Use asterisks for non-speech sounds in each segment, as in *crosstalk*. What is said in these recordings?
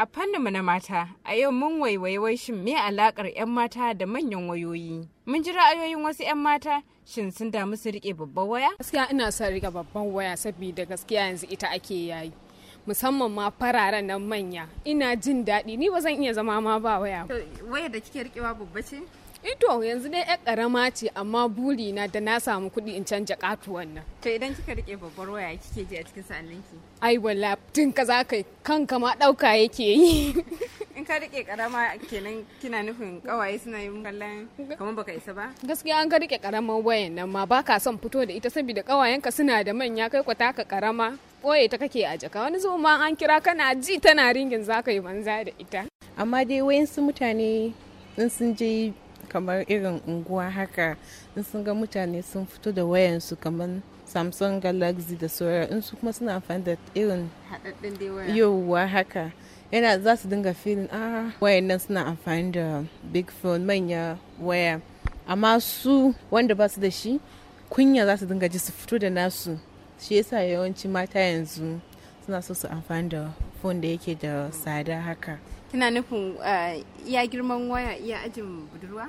A fanninmu na mata, a yau mun waiwaiwai shin me alakar 'yan mata da manyan wayoyi. Mun ji ra'ayoyin wasu 'yan mata shin sun damu su rike babban waya? Gaskiya ina son rike babban waya saboda gaskiya yanzu ita ake yayi. musamman ma fararen nan manya ina jin daɗi ni ba zan iya zama ma ba waya waya da kike riƙewa babba ce Ito eh yanzu dai yar karama ce amma buri na da na samu kuɗi in canja katuwan nan. To idan kika rike babbar waya kike ji a cikin sa'annin ki? Ai walla tun ka zaka kai kanka ma ɗauka yake yi. *laughs* In ka rike karama kenan kina nufin kawaye suna yin kallon kamar baka isa ba? Gaskiya an ka rike karamar wayan nan ma baka son fito da ita saboda kawayenka suna da manya kai kwata ka karama. Boye ta kake a jaka wani zuwa ma an kira kana ji tana ringin za yi banza da ita. Amma dai wayansu mutane in sun je kamar irin unguwa haka in sun ga mutane sun fito da wayansu kamar samsung galaxy da sauran in su kuma suna amfani da irin yauwa haka yana za su dinga filin a ah, wayan nan suna amfani da big phone manya waya amma su wanda ba su da shi kunya za su dinga ji su fito da nasu shi yasa yawanci mata yanzu suna so su amfani da phone da yake da tsada haka kina nufin eh, iya girman waya iya ajin budurwa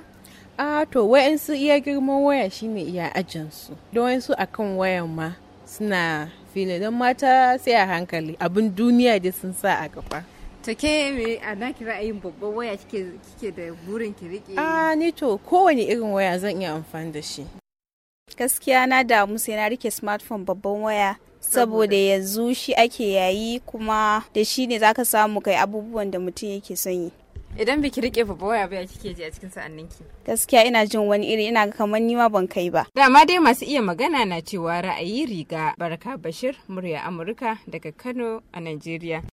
a to wayansu iya girman waya shine iya ajin su don wayansu akan wayan ma suna fili don mata sai a hankali abin duniya da sun sa a gaba to ke me a na ra'ayin babban waya kike da burin ki rike a ni to kowane irin waya zan iya amfani da shi gaskiya na damu sai na rike smartphone babban waya saboda yanzu shi ake yayi kuma da shi ne za ka samu kai abubuwan da mutum yake son yi idan biki rike babban waya ba kike ji a cikin sa'annin ki. gaskiya ina jin wani iri ina ga kamar nima ban kai ba dama dai masu iya magana na cewa ra'ayi riga barka bashir murya amurka daga kano a najeriya